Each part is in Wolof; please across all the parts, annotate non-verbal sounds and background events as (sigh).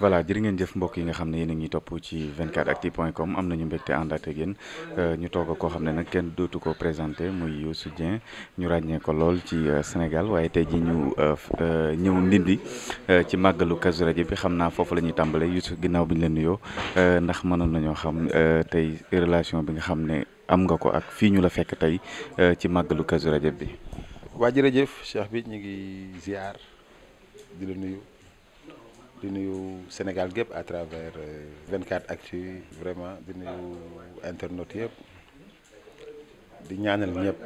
voilà jërë ngeen jëf mbokk yi nga xam ne yéen a ngi topp ci 24actu.com am nañu mbégte àndaat ak yéen euh, ñu toog koo xam ne nag kenn dootu ko présenté muy Youssou Dieng ñu ràññee ko lool ci euh, Sénégal waaye tey ji ñu euh, ñëw ndindi ci màggalu Kazu Rajab bi xam naa foofu la ñuy tàmbale Youssou ginnaaw bi ñu nuyoo ndax mënoon nañoo xam tey relation bi nga xam ne am nga ko ak fii ñu la fekk tey ci màggalu Kazu Rajab bi. waa jërëjëf Cheikh bi ñu ngi ziar di la nuyu. di nuyu Sénégal gépp à travers euh, vingt 24 actu vraiment di nuyu internautes yëpp di ñaanal ñëpp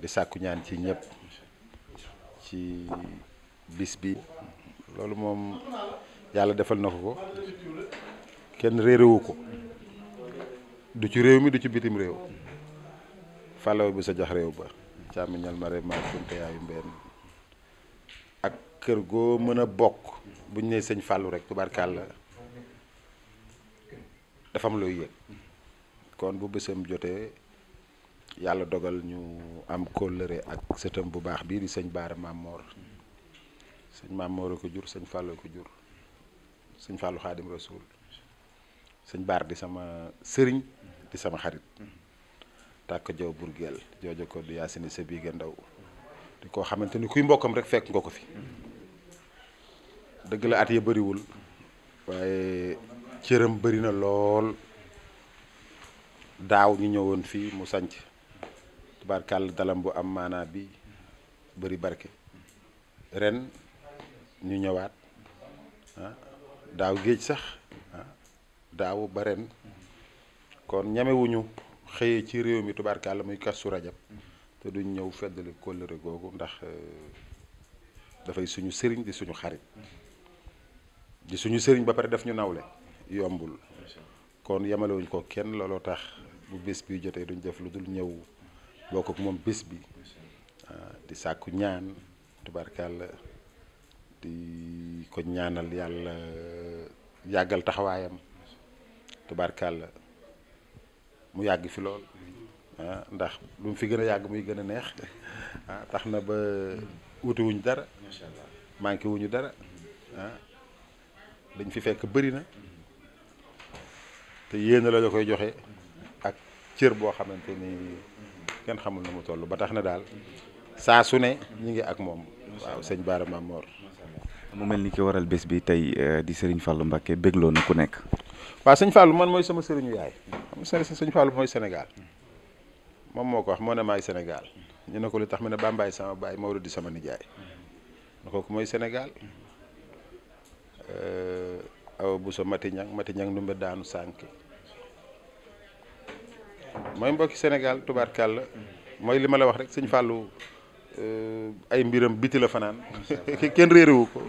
di sàkku ñaan ci ñëpp ci bis bi loolu moom yàlla defal na ko ko kenn réeréwu ko du ci réew mi du ci bitim réew fàllaw bi sa jox réew ba càmmiñal ma rema funte yaayu mbenn ak kër goo mën a bokk bu ñu nee sëñ fàllu rek tubaarkàlla dafa am looy yëg kon bu bésam jotee yàlla dogal ñu am kóllëre ak sëtam bu baax bii di sëñ Baara Mamor sëñ Mamor ko jur sëñ Fallou ko jur sëñ Fallou Xaadim Rasoul sëñ Baar di sama sëriñ di sama xarit tàkk jow burgeel joojo ko du yaa sini sa bii nga ndaw di koo xamante ni kuy mbokkam rek fekk nga ko fi dëgg la at yi bariwul waaye cëram bari na lool daaw ñu ñëwoon fii mu sanc tubaarkàll dalam bu am maanaa bi bëri barke ren ñu ñëwaat ah daaw géej sax ah daaw ba ren kon ñamewuñu xëyee ci réew mi tubaarkàll muy kastu rajab te duñ ñëw feddali kóllëre googu ndax euh, dafay suñu sëriñ di suñu xarit di suñu sëriñ ba pare def ñu nawle yombul kon yemalewuñ ko kenn looloo tax bu bis bi jotee duñ def lu dul ñëw bokk moom bés bi ah, di sàkku ñaan la di ko ñaanal yàlla yàggal taxawaayam la mu yàgg fi lool ah, ndax lu mu fi gën a yàgg muy gën a neex ah tax na ba wuti wuñ dara manqué wuñu dara ah, dañ fi fekk bari na te yéen la la koy joxe ak cër boo xamante ni kenn xamul na mu toll ba tax na daal saa su ne ñu ngi ak moom. waaw sëñ Bara Mamor. mu mel ni ki waral bés bi tey eh, di sëriñ Fallou Mbacké bégloo na ku nekk. waaw sañ Fallou man mooy sama sëriñu yaay xam sëñ Fallou mooy Sénégal moom moo ko wax moo ne maay Sénégal ñu ne ko lu tax mu ne Bambaay sama baay Maodo di sama nijaay na mooy Sénégal. Euh, awa Bousso Mati Niang Mati Niang numbe daanu sànq mooy mbokki Sénégal tubaarkàlla mooy li ma la wax rek sëñ Fallou euh, ay mbiram biti la fanaan (laughs) kenn réerewu ko